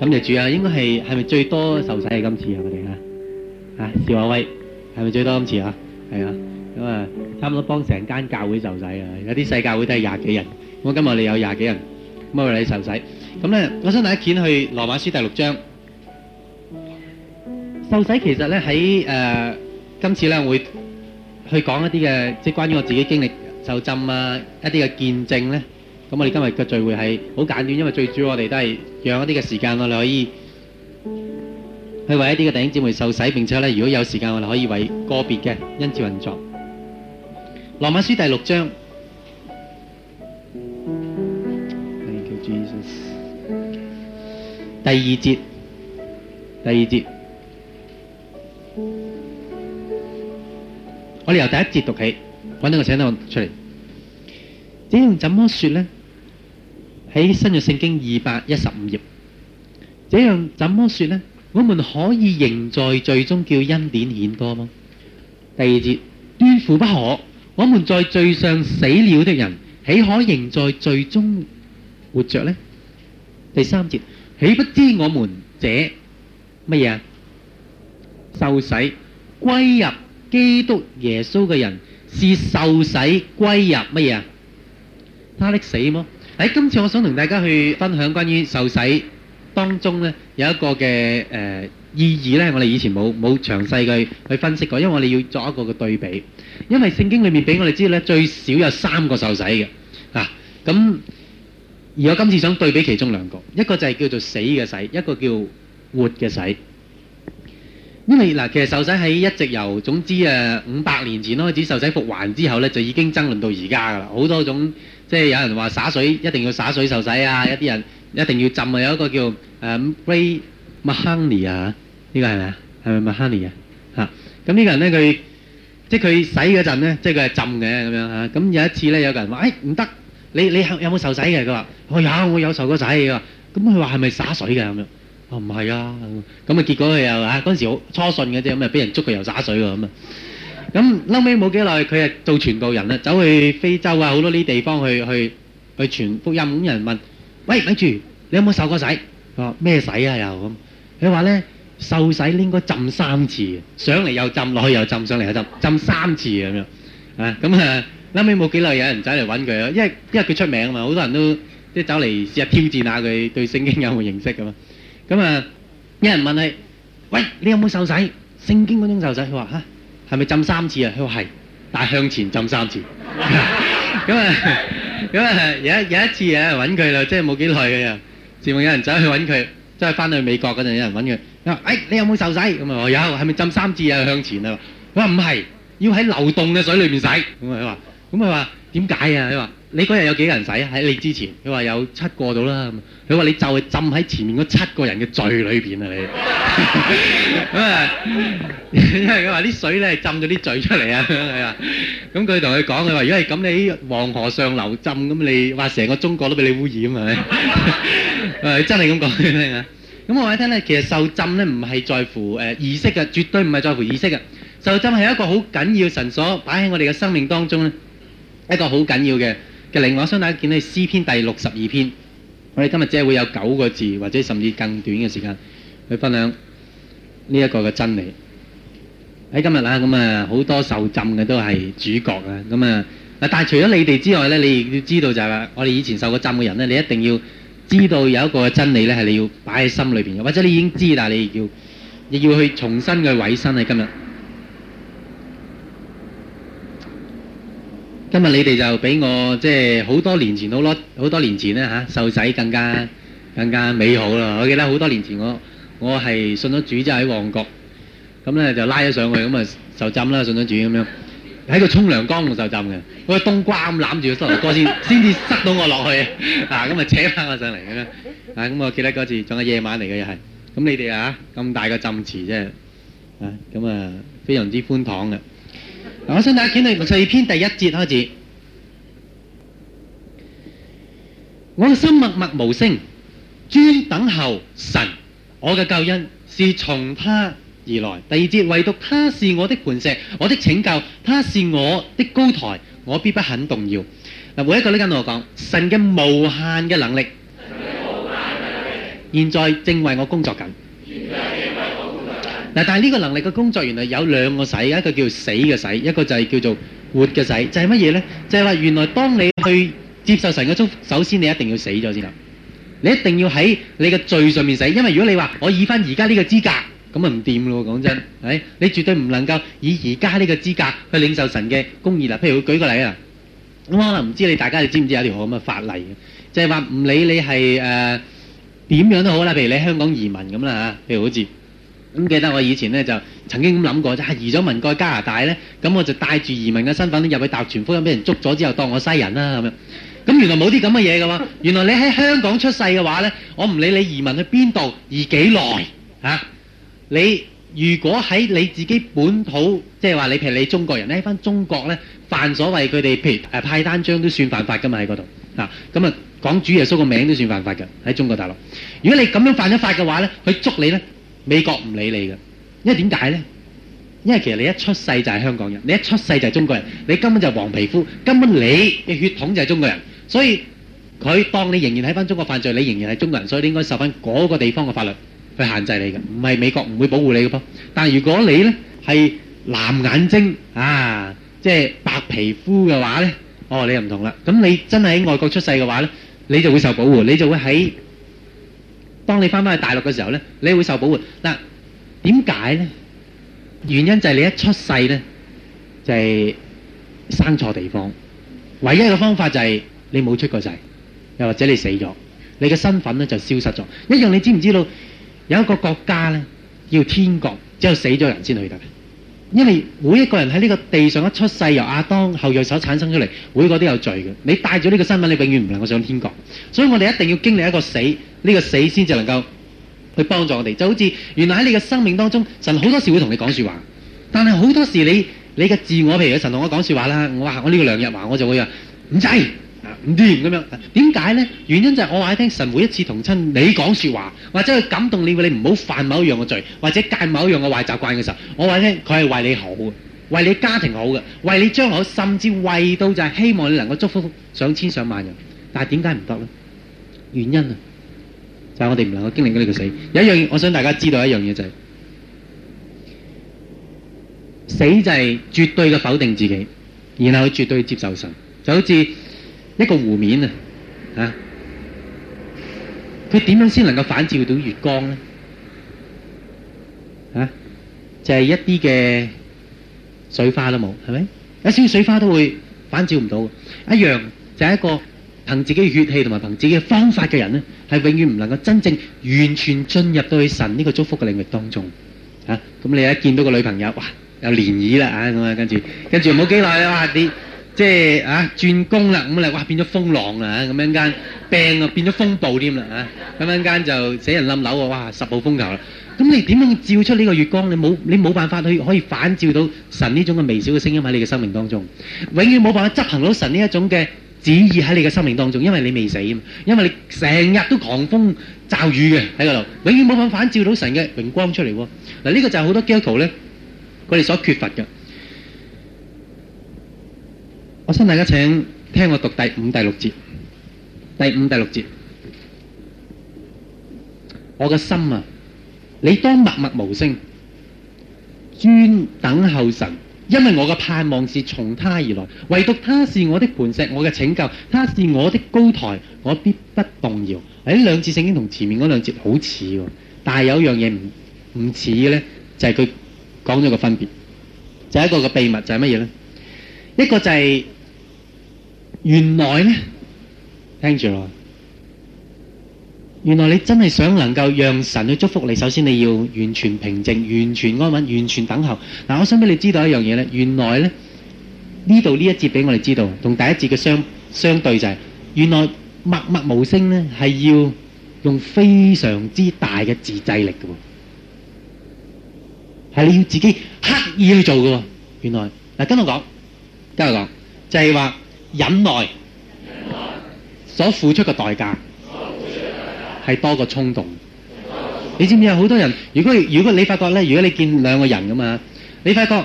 咁就住啊！應該係係咪最多受洗係今次啊？我哋嚇嚇，邵亞威係咪最多今次啊？係啊！咁啊，差唔多幫成間教會受洗啊！有啲細教會都係廿幾人，我今日哋有廿幾人咁啊嚟受洗。咁咧，我想睇一卷去羅馬書第六章。受洗其實咧喺誒今次咧會去講一啲嘅，即係關於我自己經歷受浸啊，一啲嘅見證咧。咁我哋今日嘅聚會係好簡短，因為最主要我哋都係用一啲嘅時間，我哋可以去為一啲嘅弟兄姊妹受洗，並且咧如果有時間，我哋可以為個別嘅恩賜運作。羅馬書第六章，第二節，第二節，我哋由第一節讀起，揾到個請凳出嚟，點樣怎麼說呢？喺新約聖經二百一十五頁，這樣怎麼說呢？我們可以仍在罪中叫恩典顯多嗎？第二節，斷乎不可，我們在罪上死了的人，豈可仍在罪中活着呢？第三節，豈不知我們這乜嘢受洗歸入基督耶穌嘅人，是受洗歸入乜嘢啊？他的死嗎？喺今次我想同大家去分享關於受洗當中呢有一個嘅誒意義呢，我哋以前冇冇詳細嘅去去分析過，因為我哋要做一個嘅對比。因為聖經裏面俾我哋知道呢最少有三個受洗嘅嗱，咁而我今次想對比其中兩個，一個就係叫做死嘅洗，一個叫活嘅洗。因為嗱，其實受洗喺一直由總之誒五百年前開始受洗復還之後呢，就已經爭論到而家噶啦，好多種。即係有人話灑水一定要灑水受洗啊！一啲人一定要浸啊！有一個叫誒、啊、Ray Mahoney 啊，呢、呢個係咪啊？係咪 Mahoney 啊？嚇、啊！咁呢個人咧，佢即係佢洗嗰陣咧，即係佢係浸嘅咁樣嚇。咁、啊、有一次咧，有一個人話：誒唔得，你你，你有冇受洗嘅？佢話：我、哎、有，我有受過洗嘅。咁佢話係咪灑水嘅咁、啊啊啊、樣？哦，唔係啊！咁啊，結果佢又啊，嗰陣時好初信嘅啫，咁啊，俾人捉佢又灑水喎咁啊！咁嬲尾冇幾耐，佢係做傳道人啦，走去非洲啊，好多呢啲地方去去去傳福音咁，人問：喂，咪住，你有冇受過洗？佢話咩洗啊又咁？佢話咧，受洗應該浸三次嘅，上嚟又浸，落去又浸，上嚟又浸，浸三次咁樣。啊，咁啊嬲尾冇幾耐，有人走嚟揾佢啊，因為因為佢出名啊嘛，好多人都即係走嚟試下挑戰下佢對聖經有冇認識咁啊。咁啊，有人問佢：喂，你有冇受洗？聖經嗰種受洗，佢話吓。係咪浸三次啊？佢話係，但係向前浸三次。咁 啊，咁、嗯、啊，有有一次有人揾佢啦，即係冇幾耐嘅人，自問有人走去揾佢，即係翻去美國嗰陣有人揾佢。佢話，哎、你有冇受洗？咁啊，我有。係咪浸三次啊？向前啊？佢話唔係，要喺流動嘅水裏面洗。咁啊，佢話，咁佢話點解啊？佢話。你嗰日有幾個人洗？啊？喺你之前，佢話有七個到啦。佢話你就係浸喺前面嗰七個人嘅罪裏邊啊！你 因為佢話啲水咧浸咗啲罪出嚟啊。咁佢同佢講，佢話：如果係咁，你在黃河上流浸，咁你話成個中國都俾你污染啊！係 真係咁講先聽啊？咁我話你聽咧，其實受浸咧唔係在乎誒、呃、儀式嘅，絕對唔係在乎儀式嘅。受浸係一個好緊要神所擺喺我哋嘅生命當中咧，一個好緊要嘅。另外，我想大家見到，《詩篇》第六十二篇，我哋今日只係會有九個字，或者甚至更短嘅時間去分享呢一個嘅真理。喺、哎、今日啦，咁啊好多受浸嘅都係主角啊，咁啊嗱，但係除咗你哋之外呢，你亦要知道就係、是、話，我哋以前受過浸嘅人呢，你一定要知道有一個真理呢係你要擺喺心裏邊嘅，或者你已經知，但係你亦要亦要去重新去委身喺、啊、今日。因為你哋就俾我即係好多年前好咯，好多年前咧嚇，受洗更加更加美好咯。我記得好多年前我我係信咗主，即係喺旺角，咁咧就拉咗上去，咁啊受浸啦，信咗主咁樣，喺個沖涼缸度受浸嘅，好似冬瓜咁攬住個膝頭哥先先至塞到我落去，啊咁啊扯翻我上嚟咁樣，啊咁我記得嗰次仲係夜晚嚟嘅又係，咁你哋啊咁大個浸池啫啊咁啊非常之寬敞嘅。我想大家下《啟領四篇》第一節開始。我的心默默無聲，專等候神。我嘅救恩是從他而來。第二節，唯獨他是我的磐石，我的拯救，他是我的高台，我必不肯動搖。每一個呢間同我講，神嘅無限嘅能，能力，現在正為我工作緊。但係呢個能力嘅工作原來有兩個洗，一個叫死嘅洗，一個就係叫做活嘅洗。就係乜嘢呢？就係話原來當你去接受神嘅祝福，首先你一定要死咗先得，你一定要喺你嘅罪上面死，因為如果你話我以翻而家呢個資格，咁啊唔掂咯，講真，係你絕對唔能夠以而家呢個資格去領受神嘅公義啦。譬如我舉個例啊，咁可能唔知你大家知唔知有條咁嘅法例嘅，就係話唔理你係誒點樣都好啦，譬如你在香港移民咁啦，譬如好似。咁記得我以前咧就曾經咁諗過，就、啊、係移咗民過去加拿大咧，咁我就帶住移民嘅身份入去搭船，忽然俾人捉咗之後，當我西人啦咁樣。咁原來冇啲咁嘅嘢噶嘛，原來你喺香港出世嘅話咧，我唔理你移民去邊度，移幾耐、啊、你如果喺你自己本土，即係話你譬如你中國人咧返翻中國咧犯所謂佢哋譬如、啊、派單張都算犯法噶嘛喺嗰度啊。咁啊講主耶穌個名都算犯法嘅喺中國大陸。如果你咁樣犯咗法嘅話咧，佢捉你咧。美國唔理你嘅，因為點解咧？因為其實你一出世就係香港人，你一出世就係中國人，你根本就係黃皮膚，根本你嘅血統就係中國人，所以佢當你仍然喺翻中國犯罪，你仍然係中國人，所以你應該受翻嗰個地方嘅法律去限制你嘅，唔係美國唔會保護你嘅噃。但係如果你咧係藍眼睛啊，即係白皮膚嘅話咧，哦你唔同啦，咁你真係喺外國出世嘅話咧，你就會受保護，你就會喺。當你翻翻去大陸嘅時候咧，你會受保護。嗱，點解咧？原因就係你一出世咧，就係生錯地方。唯一嘅方法就係你冇出過世，又或者你死咗，你嘅身份咧就消失咗。一樣，你知唔知道有一個國家咧叫天國，只有死咗人先去得？因為每一個人喺呢個地上一出世，由亞當後裔所產生出嚟，每個都有罪嘅。你帶咗呢個身份，你永遠唔能夠上天國。所以我哋一定要經歷一個死，呢個死先至能夠去幫助我哋。就好似原來喺你嘅生命當中，神好多時會同你講說話，但係好多時你你嘅自我，譬如神同我講說話啦，我話我呢個梁日華，我就會啊唔使。」念咁樣，點解咧？原因就係我話你聽，神每一次同親你講說話，或者佢感動你，你唔好犯某一樣嘅罪，或者戒某一樣嘅壞習慣嘅時候，我話你聽，佢係為你好嘅，為你家庭好嘅，為你將來，甚至為到就係希望你能夠祝福上千上萬人。但係點解唔得咧？原因啊，就係我哋唔能夠經歷緊呢個死。有一樣嘢，我想大家知道一樣嘢就係，死就係絕對嘅否定自己，然後絕對接受神，就好似。一個湖面啊，啊，佢點樣先能夠反照到月光咧？啊，就係一啲嘅水花都冇，係咪？有少少水花都會反照唔到。一樣就係一個憑自己血氣同埋憑自己方法嘅人咧，係永遠唔能夠真正完全進入到去神呢個祝福嘅領域當中。啊，咁你一見到個女朋友哇，有漣漪啦啊，咁啊跟住，跟住冇幾耐哇啲。即係啊，轉工啦，咁嚟哇，變咗風浪啦，咁樣間病啊變咗風暴添啦，咁樣間就死人冧樓喎，哇，十號風球啦！咁你點樣照出呢個月光？你冇你冇辦法去可以反照到神呢種嘅微小嘅聲音喺你嘅生命當中，永遠冇辦法執行到神呢一種嘅旨意喺你嘅生命當中，因為你未死，因為你成日都狂風驟雨嘅喺嗰度，永遠冇辦法反照到神嘅榮光出嚟喎。嗱，呢個就係好多基督徒咧，佢哋所缺乏嘅。我想大家請聽我讀第五、第六節。第五、第六節，我嘅心啊，你當默默無聲，專等候神，因為我嘅盼望是從他而來，唯獨他是我的磐石，我嘅拯救，他是我的高台，我必不動搖。喺兩,兩節聖經同前面嗰兩節好似，但係有樣嘢唔唔似嘅呢，就係、是、佢講咗個分別，就是、一個個秘密就係乜嘢呢？一個就係、是。原來呢，聽住咯。原來你真係想能夠讓神去祝福你，首先你要完全平靜、完全安穩、完全等候。嗱，我想俾你知道一樣嘢呢，原來呢呢度呢一節俾我哋知道，同第一節嘅相相對就係，原來默默無聲呢係要用非常之大嘅自制力㗎，係你要自己刻意去做㗎。原來嗱，跟我講，跟我講，就係話。忍耐所付出嘅代價係多過衝動，你知唔知有好多人如果如果你發覺咧，如果你見兩個人咁，你發覺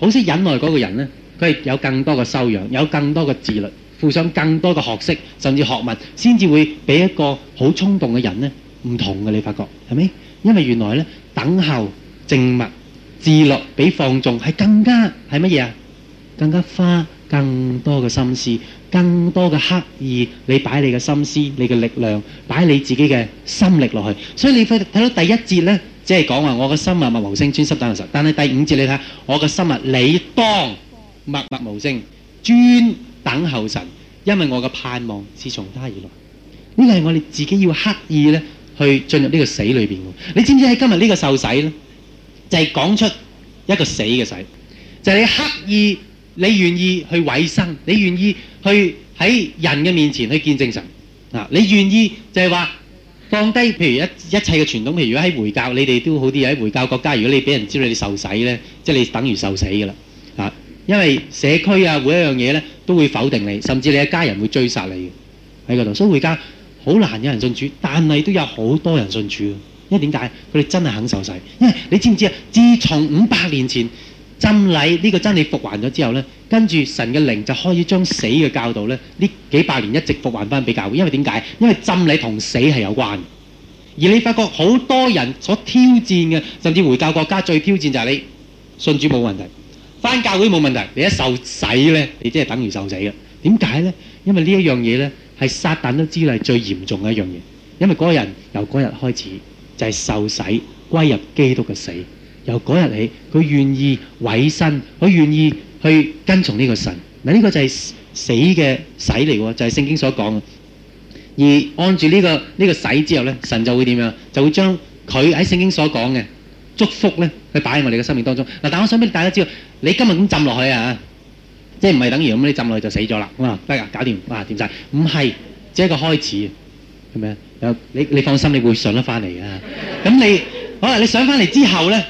好識忍耐嗰個人咧，佢係有更多嘅修養，有更多嘅自律，附上更多嘅學識，甚至學問，先至會俾一個好衝動嘅人咧唔同嘅。你發覺係咪？因為原來咧，等候、靜默、自律比放縱係更加係乜嘢啊？更加花。更多嘅心思，更多嘅刻意，你擺你嘅心思，你嘅力量，擺你自己嘅心力落去。所以你可以睇到第一節呢，即係講話我嘅心默默無聲，專心等候神。但係第五節你睇下，我嘅心物，你當默默無聲，專等候神，因為我嘅盼望是從他而來。呢個係我哋自己要刻意呢去進入呢個死裏邊。你知唔知喺今日呢個受洗呢，就係講出一個死嘅洗，就係你刻意。你願意去委身，你願意去喺人嘅面前去見證神啊！你願意就係話放低，譬如一一切嘅傳統，譬如喺回教，你哋都好啲喺回教國家。如果你俾人知道你受洗呢，即係你等於受死噶啦啊！因為社區啊，每一樣嘢呢都會否定你，甚至你一家人會追殺你嘅喺嗰度。所以回教好難有人信主，但係都有好多人信主。因為點解？佢哋真係肯受洗。因為你知唔知啊？自從五百年前，浸禮呢個真理復還咗之後呢，跟住神嘅靈就可以將死嘅教導呢幾百年一直復還翻俾教會。因為點解？因為浸禮同死係有關。而你發覺好多人所挑戰嘅，甚至回教國家最挑戰就係你信主冇問題，翻教會冇問題。你一受洗呢，你即係等於受死嘅。點解呢？因為呢一樣嘢呢，係撒旦都知係最嚴重嘅一樣嘢。因為嗰個人由嗰日開始就係受洗，歸入基督嘅死。由嗰日起，佢願意委身，佢願意去跟從呢個神。嗱，呢個就係死嘅洗嚟喎，就係、是、聖經所講嘅。而按住呢、這個呢、這個、洗之後咧，神就會點樣？就會將佢喺聖經所講嘅祝福咧，去擺喺我哋嘅生命當中。嗱，但我想俾大家知道，你今日咁浸落去啊，即係唔係等於咁樣你浸落去就死咗啦？唔係啊，搞掂啊，點晒唔係，只係一個開始，係咪啊？你你放心，你會上得翻嚟嘅。咁你可能你上翻嚟之後咧？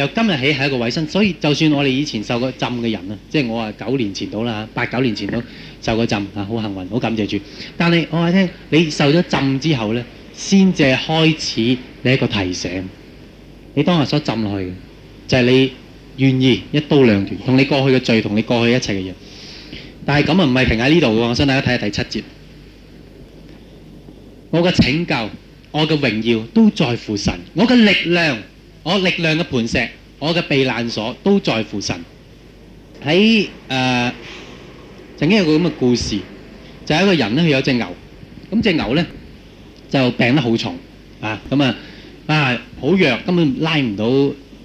由今日起係一個衛生，所以就算我哋以前受過浸嘅人啊，即係我啊九年前到啦，八九年前都受過浸啊，好幸運，好感謝主。但係我話聽，你受咗浸之後呢，先至開始你一個提醒。你當日所浸落去嘅，就係你願意一刀兩斷，同你過去嘅罪同你過去一切嘅嘢。但係咁啊，唔係停喺呢度喎。我想大家睇下第七節。我嘅拯救，我嘅榮耀都在乎神，我嘅力量。我力量嘅磐石，我嘅避難所都在乎神。喺誒曾經有個咁嘅故事，就係一個人咧，佢有隻牛，咁隻牛咧就病得好重啊，咁啊啊好弱，根本拉唔到，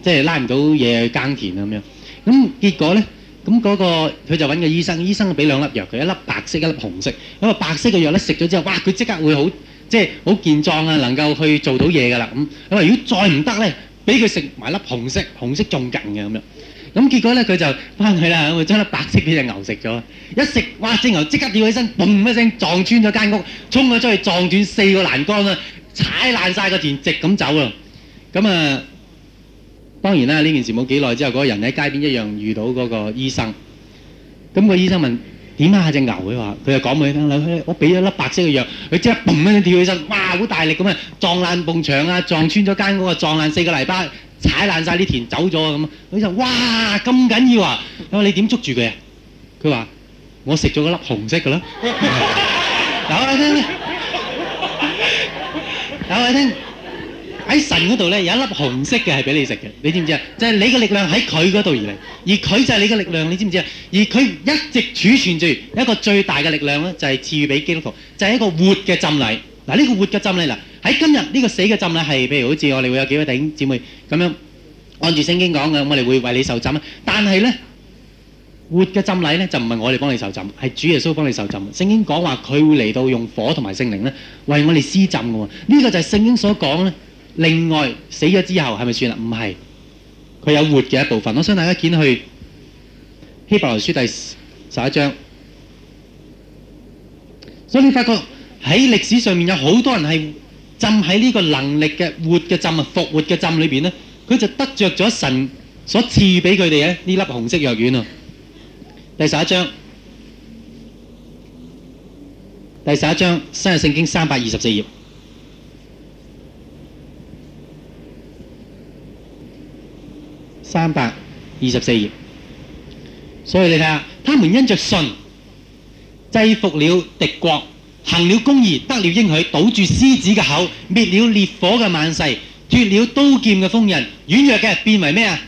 即係拉唔到嘢去耕田啊咁樣。咁結果咧，咁嗰個佢就搵個醫生，醫生就俾兩粒藥，佢一粒白色，一粒紅色。咁啊白色嘅藥咧食咗之後，哇！佢即刻會好，即係好健壯啊，能夠去做到嘢㗎啦。咁咁啊，如果再唔得咧？俾佢食埋粒紅色，紅色仲勁嘅咁樣，咁結果咧，佢就翻去啦，佢將粒白色俾隻牛食咗，一食，哇！隻牛即刻跳起身，嘣一聲撞穿咗間屋，衝咗出去撞斷四個欄杆啦，踩爛曬個田直，直咁走啊！咁啊，當然啦，呢件事冇幾耐之後，嗰個人喺街邊一樣遇到嗰個醫生，咁個醫生問。點啊！隻牛佢話：佢就講俾你聽啦，我俾咗粒白色嘅藥，佢即刻嘣一聲跳起身，哇！好大力咁啊，撞爛埲牆啊，撞穿咗間屋，撞爛四個泥巴，踩爛曬啲田，走咗啊咁啊！佢就：哇！咁緊要啊！佢話你點捉住佢啊？佢話：我食咗嗰粒紅色嘅啦。唞下先，唞下先。喺神嗰度咧，有一粒紅色嘅係俾你食嘅，你知唔知啊？就係你嘅力量喺佢嗰度而嚟，而佢就係你嘅力量，你知唔知啊？而佢一直儲存住一個最大嘅力量咧，就係賜予俾基督徒，就係一個活嘅浸禮。嗱，呢個活嘅浸禮嗱，喺今日呢個死嘅浸禮係譬如好似我哋會有幾位弟兄姊妹咁樣按住聖經講嘅，我哋會為你受浸。但係咧，活嘅浸禮咧就唔係我哋幫你受浸，係主耶穌幫你受浸。聖經講話佢會嚟到用火同埋聖靈咧，為我哋施浸嘅喎。呢個就係聖經所講咧。另外死咗之後係咪算啦？唔係，佢有活嘅一部分。我想大家見去希伯來書第十一章。所以你發覺喺歷史上面有好多人係浸喺呢個能力嘅活嘅浸啊，復活嘅浸裏邊咧，佢就得著咗神所賜俾佢哋嘅呢粒紅色藥丸啊！第十一章，第十一章新約聖經三百二十四頁。三百二十四頁，所以你睇下，他們因着信制服了敵國，行了公義，得了應許，堵住獅子嘅口，滅了烈火嘅萬世，脱了刀劍嘅鋒刃，軟弱嘅變為咩啊？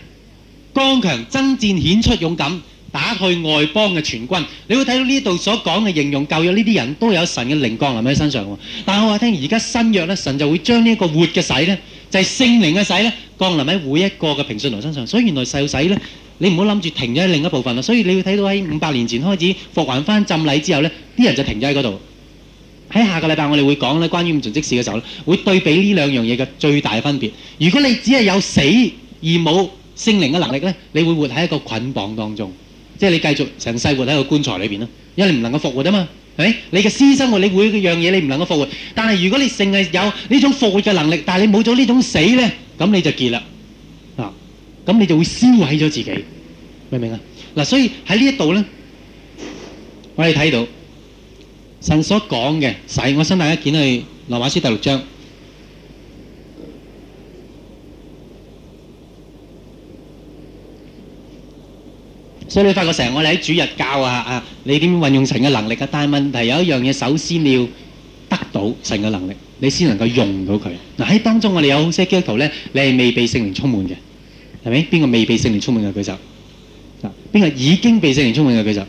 剛強，爭戰顯出勇敢，打退外邦嘅全軍。你會睇到呢度所講嘅形容舊約呢啲人都有神嘅靈降臨喺身上。但係我話聽而家新約呢，神就會將呢一個活嘅使呢。就係、是、聖靈嘅使咧，降臨喺每一個嘅平信徒身上，所以原來細路咧，你唔好諗住停咗喺另一部分啦。所以你會睇到喺五百年前開始復還翻浸禮之後咧，啲人就停咗喺嗰度。喺下個禮拜我哋會講咧，關於五旬節事嘅時候咧，會對比呢兩樣嘢嘅最大分別。如果你只係有死而冇聖靈嘅能力咧，你會活喺一個捆綁當中，即係你繼續成世活喺個棺材裏面啦，因為你唔能夠復活啊嘛。誒，你嘅私生活，你會嘅樣嘢，你唔能夠復活。但係如果你淨係有呢種復活嘅能力，但係你冇咗呢種死咧，咁你就結啦。嗱，咁你就會燒毀咗自己，明唔明啊？嗱，所以喺呢一度咧，我哋睇到神所講嘅，使我身帶一件去羅馬書第六章。所以你發覺成日我哋喺主日教，啊啊，你點運用神嘅能力啊？但係問題有一樣嘢，首先你要得到神嘅能力，你先能夠用到佢。嗱，喺當中我哋有好些基督徒咧，你係未被聖靈充滿嘅，係咪？邊個未被聖靈充滿嘅舉手。嗱，邊個已經被聖靈充滿嘅舉手，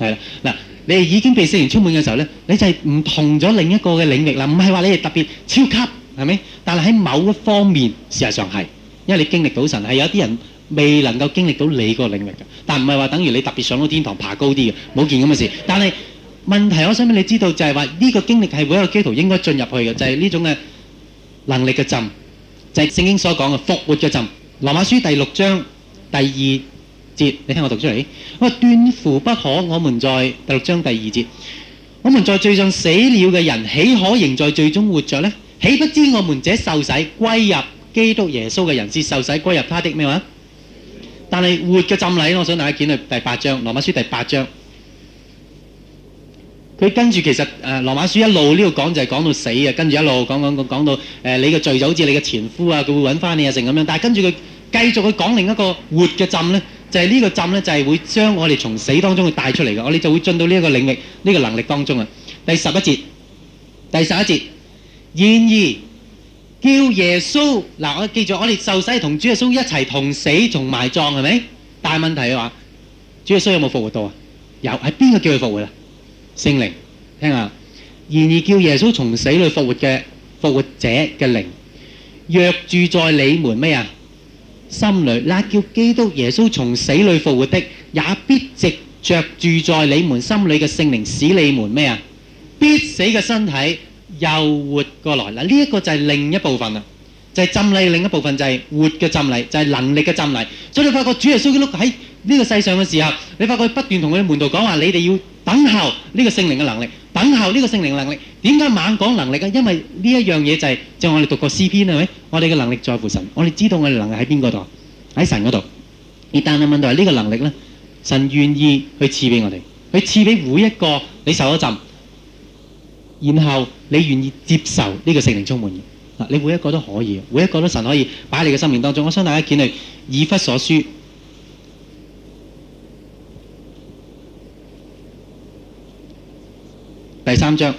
係啦。嗱，你係已經被聖靈充滿嘅時候咧，你就係唔同咗另一個嘅領域啦。唔係話你係特別超級，係咪？但係喺某一方面，事實上係，因為你經歷到神係有啲人。未能夠經歷到你個領域嘅，但唔係話等於你特別上到天堂爬高啲嘅，冇件咁嘅事。但係問題，我想俾你知道就係話呢個經歷係每一個基督徒應該進入去嘅，就係呢種嘅能力嘅浸，就係聖經所講嘅復活嘅浸。羅馬書第六章第二節，你聽我讀出嚟。我斷乎不可，我們在第六章第二節，我們在罪上死了嘅人，豈可仍在罪中活着呢？豈不知我們這受洗歸入基督耶穌嘅人，是受洗歸入他的咩話？但係活嘅浸禮，我想大家見到第八章《羅馬書》第八章。佢跟住其實誒《羅馬書》一路呢個講就係講到死嘅，跟住一路講講講講到誒、呃、你嘅罪就好似你嘅前夫啊，佢會揾翻你啊成咁樣。但係跟住佢繼續去講另一個活嘅浸咧，就係、是、呢個浸咧就係、是、會將我哋從死當中去帶出嚟嘅，我哋就會進到呢一個領域、呢、這個能力當中啊。第十一節，第十一節，然而。叫耶穌嗱，我記住，我哋就使同主耶穌一齊同死同埋葬係咪？大問題係話，主耶穌有冇復活到啊？有，係邊個叫佢復活啊？聖靈，聽下，然而叫耶穌從死裏復活嘅復活者嘅靈，若住在你們咩啊？心裡，那叫基督耶穌從死裏復活的，也必藉着住在你們心裡嘅聖靈使你們咩啊？必死嘅身體。又活過來嗱，呢一個就係另一部分啦，就係浸禮另一部分就係活嘅浸禮，就係能力嘅浸禮。所以你發覺主耶穌喺呢個世上嘅時候，你發覺不斷同佢門徒講話，你哋要等候呢個聖靈嘅能力，等候呢個聖靈嘅能力。點解猛講能力啊？因為呢一樣嘢就係，就我哋讀過詩篇係咪？我哋嘅能力在乎神，我哋知道我哋能力喺邊個度？喺神嗰度。而但係問題係呢個能力咧，神願意去賜俾我哋，去賜俾每一個你受咗浸。然後你願意接受呢個聖靈充滿嗱，你每一個都可以，每一個都神可以擺喺你嘅生命當中。我想大家見到以弗所書第三章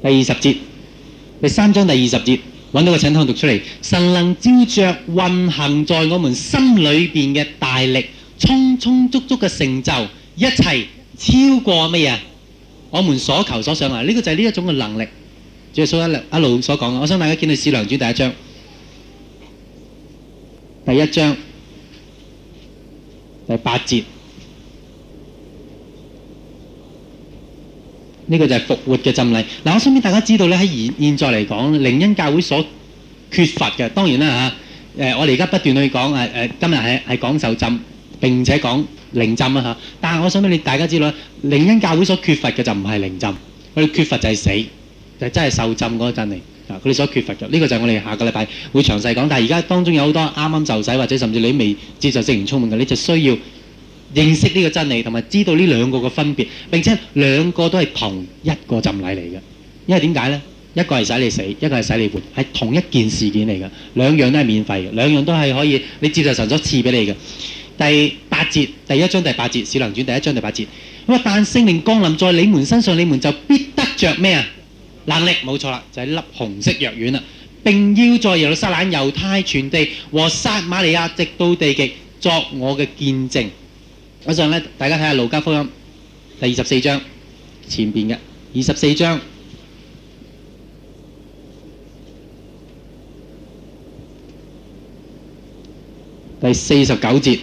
第二十節，第三章第二十節，第三章，找到個請看，讀出嚟。神能照着運行在我們心裏面嘅大力，充充足足嘅成就，一切超過乜嘢？我們所求所想啊！呢、這個就係呢一種嘅能力。耶、就、穌、是、一路一路所講啊！我想大家見到《使徒行傳》第一章，第一章第八節。呢、這個就係復活嘅浸禮。嗱，我想俾大家知道咧，喺現現在嚟講，靈恩教會所缺乏嘅，當然啦嚇。誒、啊呃，我哋而家不斷去講，誒、呃、誒，今日係係講受浸，並且講靈浸啊嚇。但係我想俾你大家知道咧，靈恩教會所缺乏嘅就唔係靈浸，佢哋缺乏就係死，就是、真係受浸嗰陣嚟啊！佢哋所缺乏嘅呢、這個就係我哋下個禮拜會詳細講。但係而家當中有好多啱啱受洗或者甚至你未接受聖靈充滿嘅，你就需要。認識呢個真理同埋知道呢兩個嘅分別，並且兩個都係同一個浸禮嚟嘅。因為點解呢？一個係使你死，一個係使你活，係同一件事件嚟嘅。兩樣都係免費嘅，兩樣都係可以你接受神所賜俾你嘅。第八節，第一章第八節，小能傳，第一章第八節。咁啊，但聖靈降臨在你們身上，你們就必得著咩啊？能力，冇錯啦，就係、是、粒紅色藥丸啦。並要在耶路撒冷、猶太全地和撒瑪利亞直到地極，作我嘅見證。我想咧，大家睇下《路加福音》第二十四章前邊嘅二十四章第四十九節。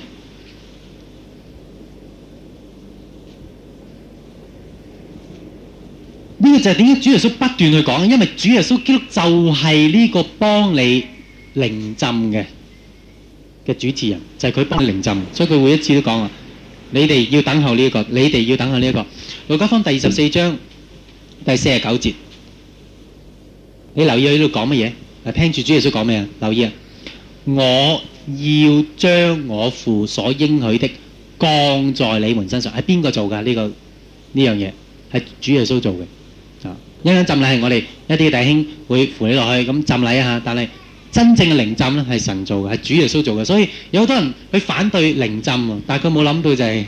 呢個就係點解主耶穌不斷去講？因為主耶穌基督就係呢個幫你靈浸嘅嘅主持人，就係佢幫你靈浸，所以佢會一次都講啊。你哋要等候呢一個，你哋要等候呢一個。路加福音第二十四章第四十九節，你留意喺度講乜嘢？聽住主耶穌講咩啊？留意啊！我要將我父所應許的降在你們身上。係邊個做㗎？呢個呢樣嘢係主耶穌做嘅。啊，一陣浸禮係我哋一啲弟兄會扶你落去咁浸禮一下，但係。真正嘅靈浸咧係神做嘅，係主耶穌做嘅，所以有好多人去反對靈浸喎，但係佢冇諗到就係，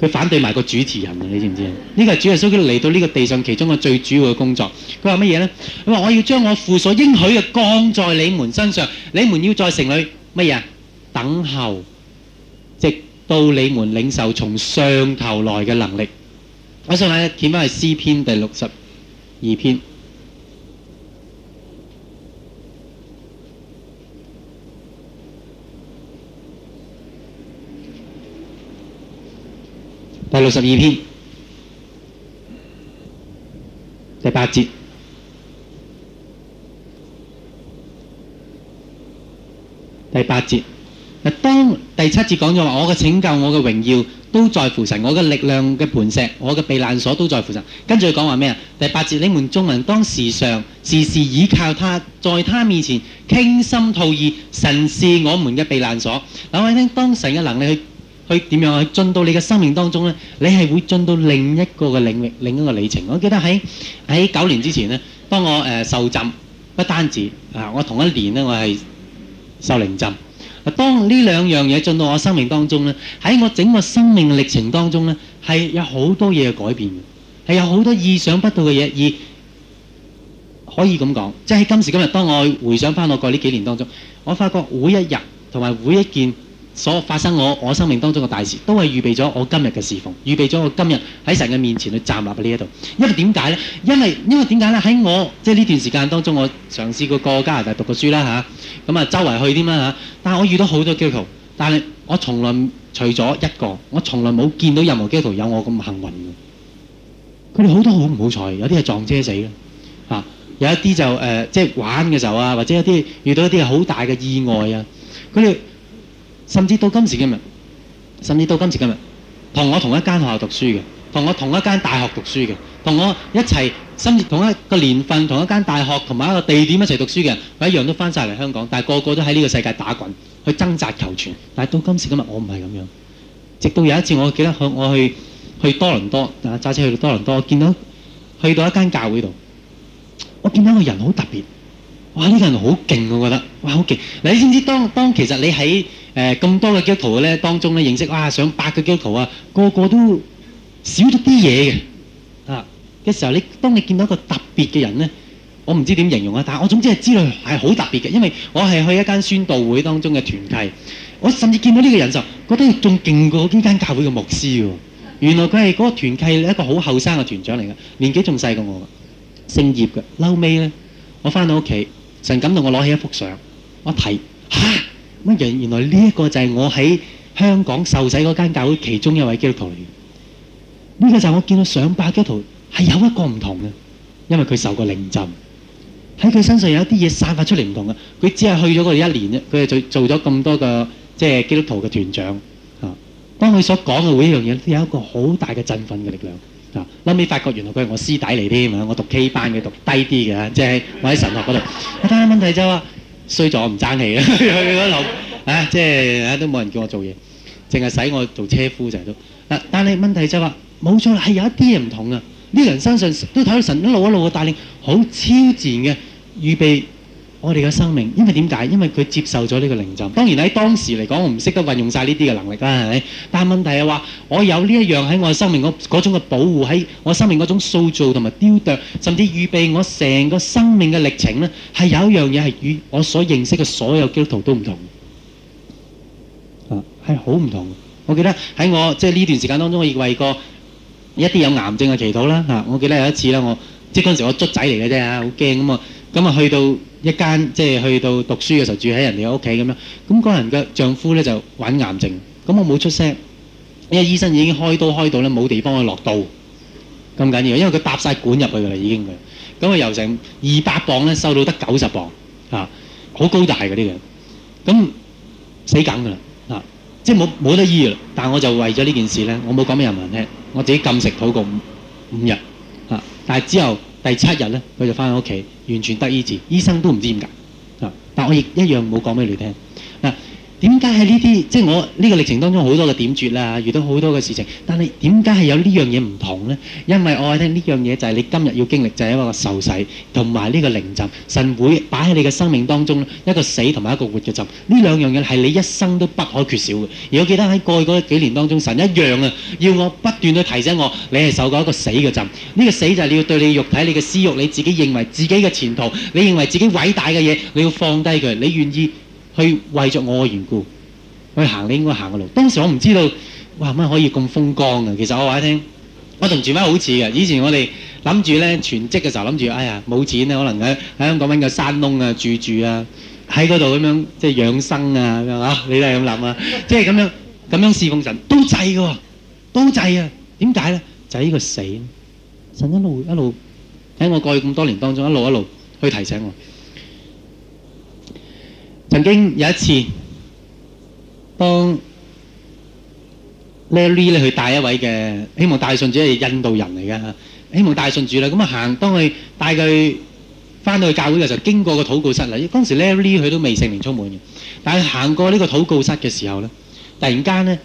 佢反對埋個主持人啊！你知唔知啊？呢個係主耶穌嚟到呢個地上其中嘅最主要嘅工作。佢話乜嘢咧？佢話我要將我父所應許嘅降在你們身上，你們要在城裏乜嘢啊？等候，直到你們領受從上頭來嘅能力。我想睇下點解係詩篇第六十二篇。第六十二篇第八節，第八節。嗱，當第七節講咗話，我嘅拯救、我嘅榮耀都在乎神，我嘅力量嘅磐石、我嘅避難所都在乎神。跟住佢講話咩啊？第八節，你們眾人當時常時時倚靠他，在他面前傾心吐意，神是我們嘅避難所。嗱，我哋聽當神嘅能力去。去點樣去進到你嘅生命當中呢？你係會進到另一個嘅領域，另一個里程。我記得喺喺九年之前呢，當我、呃、受浸，不單止啊，我同一年呢，我係受靈浸。當呢兩樣嘢進到我生命當中呢，喺我整個生命歷程當中呢，係有好多嘢改變，係有好多意想不到嘅嘢，而可以咁講，即係今時今日，當我回想翻我過呢幾年當中，我發覺每一日同埋每一件。所發生我我生命當中嘅大事，都係預備咗我今日嘅侍奉，預備咗我今日喺神嘅面前去站立喺呢一度。因為點解呢？因為因為點解呢？喺我即係呢段時間當中，我嘗試過過加拿大讀過書啦吓，咁啊、嗯、周圍去啲啦吓，但係我遇到好多基督徒，但係我從來除咗一個，我從來冇見到任何基督徒有我咁幸運嘅。佢哋好多好唔好彩，有啲係撞車死啦嚇、啊，有一啲就誒、呃、即係玩嘅時候啊，或者一啲遇到一啲好大嘅意外啊，佢哋。甚至到今時今日，甚至到今時今日，同我同一間學校讀書嘅，同我同一間大學讀書嘅，同我一齊甚至同一個年份同一間大學同埋一個地點一齊讀書嘅人，我一樣都翻晒嚟香港，但係個個都喺呢個世界打滾，去掙扎求存。但係到今時今日，我唔係咁樣。直到有一次，我記得我去我去去多倫多啊，揸車去到多倫多，我見到去到一間教會度，我見到一個人好特別，哇！呢個人好勁，我覺得，哇好勁。你知唔知當？當當其實你喺誒、呃、咁多嘅基督徒咧，當中咧認識，哇！上百個基督徒啊，個個都少咗啲嘢嘅。啊嘅時候你，你當你見到一個特別嘅人咧，我唔知點形容啊，但係我總之係知道係好特別嘅，因為我係去一間宣道會當中嘅團契，我甚至見到呢個人就覺得仲勁過呢間教會嘅牧師喎、啊。原來佢係嗰個團契一個好後生嘅團長嚟嘅，年紀仲細過我，姓葉嘅。嬲尾咧，我翻到屋企，神感動我攞起一幅相，我一睇乜人，原來呢一個就係我喺香港受洗嗰間教會其中一位基督徒嚟嘅，呢個就係我見到上百基督徒係有一個唔同嘅，因為佢受過靈浸，喺佢身上有一啲嘢散發出嚟唔同嘅，佢只係去咗嗰一年啫，佢係做做咗咁多個即係基督徒嘅團長啊。當佢所講嘅每一樣嘢，都有一個好大嘅振奮嘅力量啊。後尾發覺原來佢係我師弟嚟添啊，我讀 K 班嘅，讀低啲嘅，即係我喺神學嗰度。但係問題就話。衰咗我唔爭氣 啊！佢嗰老，唉、啊，即係都冇人叫我做嘢，淨係使我做車夫成日都。啊、但係問題就係話、係、冇錯啦，係有一啲嘢唔同啊！呢、呢個人身上都睇到神一路一路嘅帶領，好超自然嘅預備。我哋嘅生命，因為點解？因為佢接受咗呢個靈浸。當然喺當時嚟講，我唔識得運用晒呢啲嘅能力啦，係咪？但問題係話，我有呢一樣喺我生命嗰種嘅保護，喺我生命嗰種塑造同埋雕琢，甚至預備我成個生命嘅歷程咧，係有一樣嘢係與我所認識嘅所有基督徒都唔同。啊，係好唔同。我記得喺我即係呢段時間當中，我亦為過一啲有癌症嘅祈禱啦。嚇，我記得有一次啦，我即係嗰陣時我卒仔嚟嘅啫，好驚咁啊，咁啊去到。一間即係去到讀書嘅時候住喺人哋嘅屋企咁樣，咁嗰人嘅丈夫咧就患癌症，咁我冇出聲，因為醫生已經開刀開到咧冇地方去落刀，咁緊要，因為佢搭晒管入去㗎啦已經佢，咁啊由成二百磅咧瘦到得九十磅，嚇、啊、好高大嗰啲人，咁死梗㗎啦，啊，啊即係冇冇得醫啦，但係我就為咗呢件事咧，我冇講俾任何人聽，我自己禁食禱告五五日，嚇、啊，但係之後。第七日呢，佢就返喺屋企，完全得醫治，醫生都唔知點解。但我亦一樣冇講俾你聽。點解喺呢啲即係我呢個歷程當中好多嘅點絕啦？遇到好多嘅事情，但係點解係有呢樣嘢唔同呢？因為我話你聽，呢樣嘢就係你今日要經歷，就係、是、一個受洗同埋呢個靈浸。神會擺喺你嘅生命當中一個死同埋一個活嘅浸。呢兩樣嘢係你一生都不可缺少嘅。而我記得喺過去嗰幾年當中，神一樣啊，要我不斷去提醒我，你係受過一個死嘅浸。呢、這個死就係你要對你嘅肉體、你嘅私欲、你自己認為自己嘅前途、你認為自己偉大嘅嘢，你要放低佢。你願意。去為著我嘅緣故，去行你應該行嘅路。當時我唔知道，哇乜可以咁風光嘅、啊？其實我話你聽，我同住媽好似嘅。以前我哋諗住咧全職嘅時候諗住，哎呀冇錢咧、啊，可能喺香港搵個山窿啊住住啊，喺嗰度咁樣即係、就是、養生啊咁樣嚇。你都係咁諗啊？即係咁樣咁樣侍奉神都滯嘅喎，都滯啊！點解咧？就係、是、呢個死。神一路一路喺我過去咁多年當中一路一路去提醒我。曾經有一次，當 Larry 咧去帶一位嘅希望帶信主係印度人嚟嘅嚇，希望帶信主啦。咁啊行，當佢帶佢翻到去教會嘅時候，經過個禱告室啦。當時 Larry 佢都未聖靈充滿嘅，但係行過呢個禱告室嘅時候咧，突然間咧，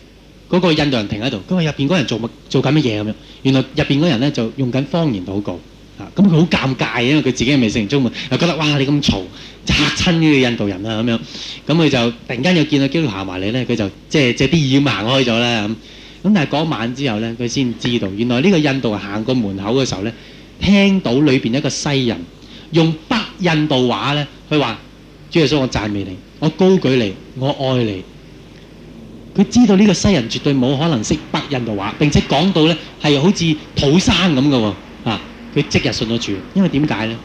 嗰個印度人停喺度，佢話入邊嗰人做乜做緊乜嘢咁樣？原來入邊嗰人咧就用緊方言禱告。咁佢好尷尬，因為佢自己係未成中文，又覺得哇！你咁嘈，就嚇親啲印度人啦咁樣。咁佢就突然間又見到基督徒行埋嚟咧，佢就即係借啲意行開咗啦咁。咁但係嗰晚之後咧，佢先知道原來呢個印度行過門口嘅時候咧，聽到裏面一個西人用北印度話咧，佢話：主耶穌，我讚美你，我高舉你，我愛你。佢知道呢個西人絕對冇可能識北印度話，並且講到咧係好似土生咁嘅喎。佢即日信咗主，因為點解呢？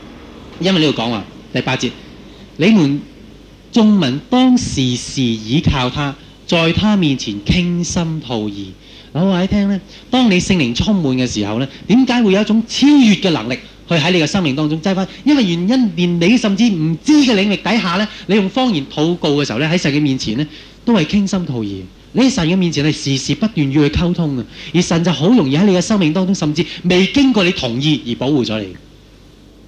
因為呢度講話第八節，你們眾民當時時倚靠他，在他面前傾心吐意。我話你聽呢，當你性靈充滿嘅時候呢，點解會有一種超越嘅能力去喺你嘅生命當中擠翻？因為原因，連你甚至唔知嘅領域底下呢，你用方言禱告嘅時候呢，喺神嘅面前呢，都係傾心吐意。喺神嘅面前，係時時不斷要佢溝通啊！而神就好容易喺你嘅生命當中，甚至未經過你同意而保護咗你。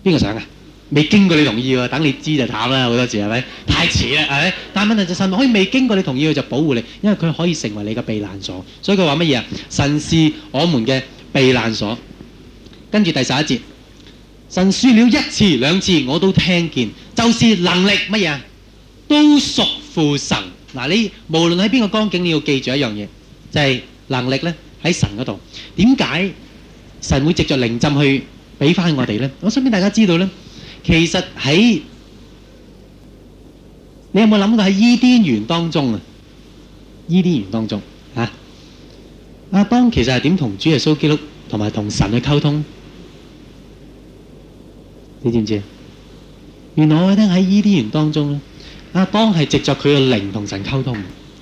邊個想啊？未經過你同意喎，等你知就慘啦！好多時係咪？太遲啦，係但問題就神可以未經過你同意，佢就保護你，因為佢可以成為你嘅避難所。所以佢話乜嘢啊？神是我們嘅避難所。跟住第十一節，神說了一次兩次，我都聽見，就是能力乜嘢啊？都屬乎神。嗱，你無論喺邊個光景，你要記住一樣嘢，就係能力咧喺神嗰度。點解神會藉著靈浸去俾翻我哋咧？我想俾大家知道咧，其實喺你有冇諗過喺伊甸園當中啊？伊甸園當中啊，阿當其實係點同主耶穌基督同埋同神去溝通？你知唔知？原來我聽喺伊甸園當中咧。阿當係藉着佢嘅靈同神，神溝通，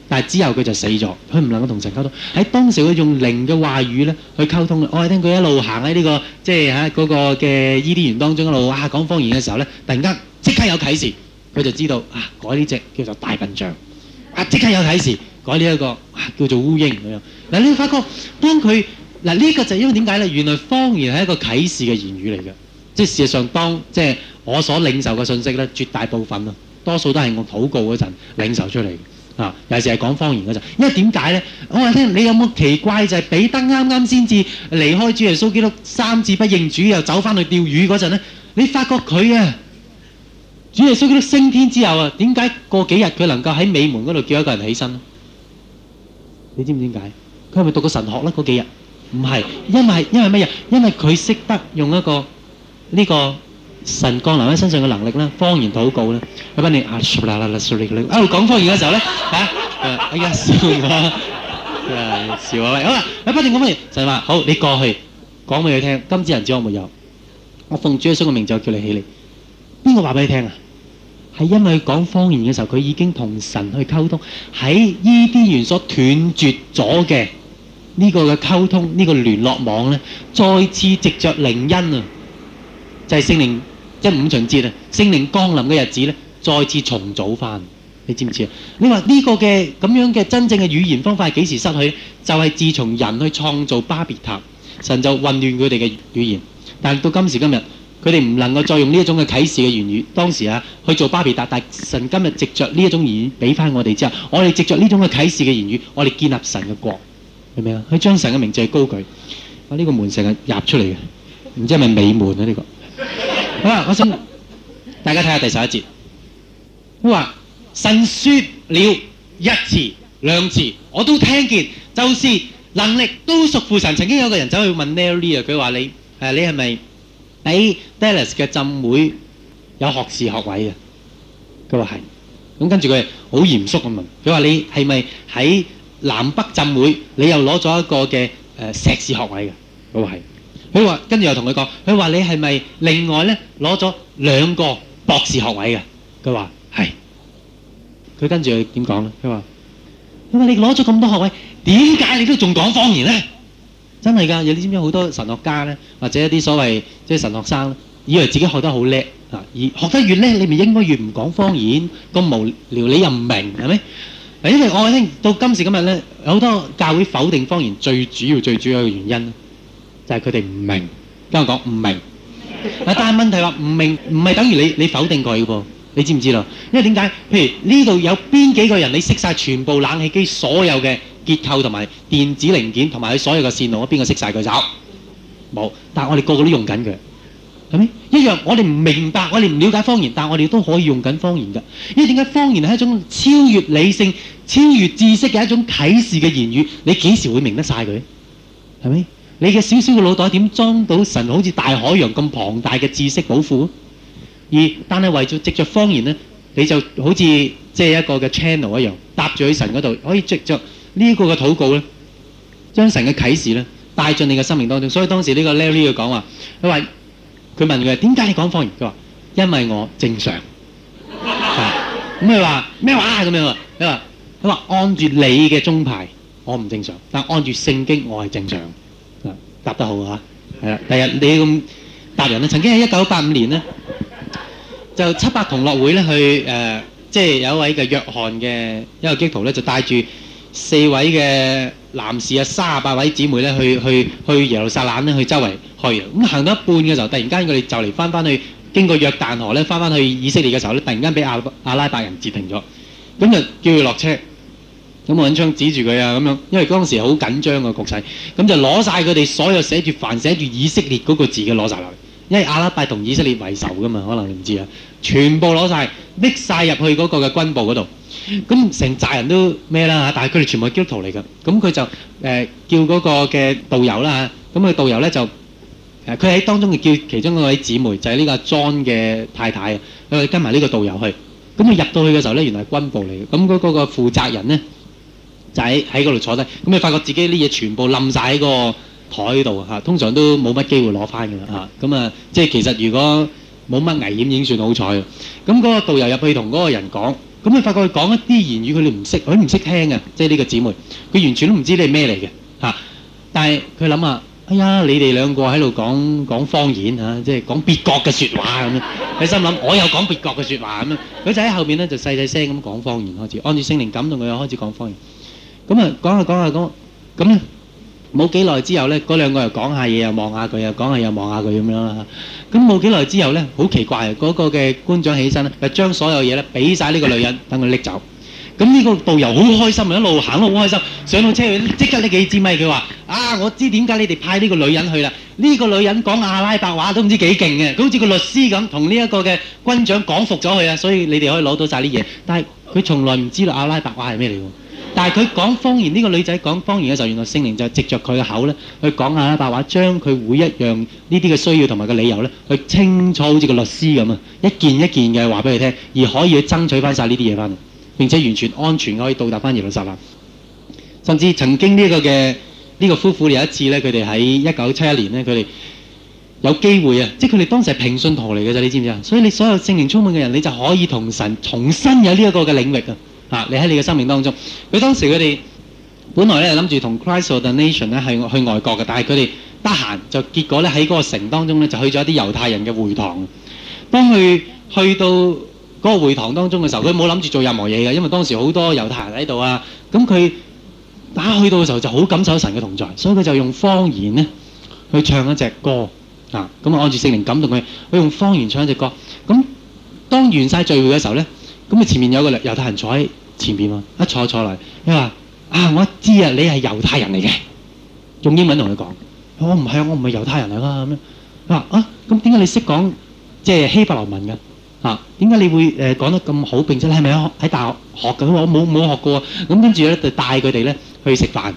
但係之後佢就死咗，佢唔能夠同神溝通喺當時。佢用靈嘅話語咧去溝通。我、哦、係聽佢一路行喺呢個即係喺嗰個嘅伊甸園當中一路哇、啊、講方言嘅時候咧，突然間即刻有啟示，佢就知道啊改呢隻叫做大笨象啊即刻有啟示改呢一個、啊、叫做烏蠅咁樣嗱、啊。你發覺當佢嗱呢個就係、因為點解咧？原來方言係一個啟示嘅言語嚟嘅，即、就、係、是、事實上當即係、就是、我所領受嘅信息咧，絕大部分啊。多數都係我禱告嗰陣領受出嚟嘅，啊尤其是係講方言嗰陣，因為點解咧？我話聽你有冇奇怪就係彼得啱啱先至離開主耶穌基督三次不認主，又走返去釣魚嗰陣咧？你發覺佢啊，主耶穌基督升天之後啊，點解過幾日佢能夠喺美門嗰度叫一個人起身咧？你知唔知點解？佢係咪讀過神學咧？嗰幾日唔係，因為因為乜嘢？因為佢識得用一個呢個。神降臨喺身上嘅能力咧，方言禱告咧，阿班尼啊，講方言嘅時候咧嚇，哎呀笑我，真係笑我。好啦，阿班尼講方言神話，好，你過去講俾佢聽。金子銀子我沒有，我奉主耶穌嘅名就叫你起嚟。邊個話俾你聽啊？係因為講方言嘅時候，佢已經同神去溝通，喺呢啲元素斷絕咗嘅呢個嘅溝通，呢個聯絡網咧，再次藉著靈恩啊，就係聖靈。即係五旬節啊！聖靈降臨嘅日子咧，再次重組翻，你知唔知啊？你話呢個嘅咁樣嘅真正嘅語言方法係幾時失去？就係、是、自從人去創造巴別塔，神就混亂佢哋嘅語言。但到今時今日，佢哋唔能夠再用呢一種嘅啟示嘅言語。當時啊，去做巴別塔，但神今日藉着呢一種言語俾翻我哋之後，我哋藉着呢種嘅啟示嘅言語，我哋建立神嘅國，明咪？明啊？去將神嘅名字高舉。我呢個門成日入出嚟嘅，唔知係咪美門啊？呢、這個。啊！我想大家睇下第十一節。佢話神説了一次兩次，我都聽見，就是能力都屬父神。曾經有個人走去問 Nelia，佢話你誒，你係咪喺 Dallas 嘅浸會有學士學位嘅？佢話係。咁跟住佢好嚴肅咁問，佢話你係咪喺南北浸會？你又攞咗一個嘅誒碩士學位嘅？佢話係。佢話：跟住又同佢講，佢話你係咪另外咧攞咗兩個博士學位嘅？佢話係。佢跟住又點講咧？佢話：佢話你攞咗咁多學位，點解你都仲講方言咧？真係㗎！有啲你知唔知好多神學家咧，或者一啲所謂即係神學生，以為自己學得好叻啊，而學得越叻，你咪應該越唔講方言，咁無聊你又唔明係咪？因為，我聽到今時今日咧，好多教會否定方言，最主要最主要嘅原因。就係佢哋唔明，跟我講唔明。但係問題話唔明，唔係等於你你否定佢嘅，你知唔知道？因為點解？譬如呢度有邊幾個人？你識晒全部冷氣機所有嘅結構同埋電子零件同埋佢所有嘅線路，邊個識晒佢走？冇。但係我哋個個都用緊佢，係咪？一樣，我哋唔明白，我哋唔了解方言，但係我哋都可以用緊方言㗎。因為點解？方言係一種超越理性、超越知識嘅一種啟示嘅言語。你幾時會明得晒佢？係咪？你嘅小小嘅腦袋點裝到神好似大海洋咁龐大嘅知識寶庫？而但係為咗藉着方言呢，你就好似即係一個嘅 channel 一樣搭住喺神嗰度，可以藉着這個呢個嘅禱告咧，將神嘅啟示咧帶進你嘅生命當中。所以當時呢個 Lily 要講話，佢話佢問佢點解你講方言？佢話因為我正常咁。佢話咩話咁樣啊？佢話佢話按住你嘅宗派，我唔正常，但按住聖經，我係正常。答得好嚇，係啦。第日你咁答人呢，曾經喺一九八五年呢，就七百同樂會呢去誒、呃，即係有一位嘅約翰嘅一個基督徒呢，就帶住四位嘅男士啊，三十八位姊妹呢去去去耶路撒冷呢去周圍去。咁行到一半嘅時候，突然間佢哋就嚟翻翻去，經過約旦河呢，翻翻去以色列嘅時候呢，突然間俾阿，阿拉伯人截停咗，咁就叫佢落車。咁我揾槍指住佢啊！咁樣，因為嗰陣時好緊張個局勢，咁就攞曬佢哋所有寫住凡寫住以色列嗰個字嘅攞曬落嚟，因為阿拉伯同以色列為仇噶嘛，可能你唔知啊，全部攞曬拎曬入去嗰個嘅軍部嗰度。咁成寨人都咩啦？但係佢哋全部基督徒嚟㗎。咁佢就、呃、叫嗰個嘅導遊啦。咁佢導遊咧就佢喺、呃、當中嘅叫其中嗰位姊妹就係、是、呢個 John 嘅太太啊，佢跟埋呢個導遊去。咁佢入到去嘅時候咧，原來係軍部嚟嘅。咁嗰個個負責人咧。就喺嗰度坐低，咁你發覺自己啲嘢全部冧晒喺個台度嚇，通常都冇乜機會攞翻嘅啦嚇。咁啊，啊，即係其實如果冇乜危險已經算好彩。咁嗰個導遊入去同嗰個人講，咁你發覺佢講一啲言語佢哋唔識，佢唔識聽這他不這啊。即係呢個姊妹，佢完全都唔知你係咩嚟嘅嚇。但係佢諗啊，哎呀，你哋兩個喺度講講方言啊，即係講別國嘅説話咁樣。你心諗，我又講別國嘅説話咁樣。佢就喺後面咧就細細聲咁講方言開始，按住聖靈感動佢又開始講方言。咁，但係佢講方言，呢個女仔講方言嘅時候，原來聖靈就藉着佢嘅口咧去講下白話，將佢每一樣呢啲嘅需要同埋個理由咧，去清楚好似個律師咁啊，一件一件嘅話俾佢聽，而可以去爭取翻晒呢啲嘢翻嚟，並且完全安全可以到達翻耶路撒冷。甚至曾經呢個嘅呢個夫婦有一次咧，佢哋喺一九七一年咧，佢哋有機會啊，即係佢哋當時係平信徒嚟嘅啫，你知唔知啊？所以你所有聖靈充滿嘅人，你就可以同神重新有呢一個嘅領域啊！啊！你喺你嘅生命當中，佢當時佢哋本來咧諗住同 Christ or the Nation 咧係去外國嘅，但係佢哋得閒就結果咧喺嗰個城當中咧就去咗一啲猶太人嘅會堂。當佢去到嗰個會堂當中嘅時候，佢冇諗住做任何嘢嘅，因為當時好多猶太人喺度啊。咁佢打去到嘅時候就好感受神嘅同在，所以佢就用方言咧去唱一隻歌。啊，咁啊按住聖靈感動佢，佢用方言唱一隻歌。咁當完晒聚會嘅時候咧，咁佢前面有個猶太人坐喺前邊啊，一坐坐嚟，你話啊，我知啊，你係猶太人嚟嘅，用英文同佢講，我唔係，我唔係猶太人嚟啦咁樣。佢話啊，咁點解你識講即係希伯來文嘅？嚇、啊，點解你會誒講得咁好，並且你係咪啊？喺大學學嘅喎，我冇冇學過喎。咁跟住咧就帶佢哋咧去食飯。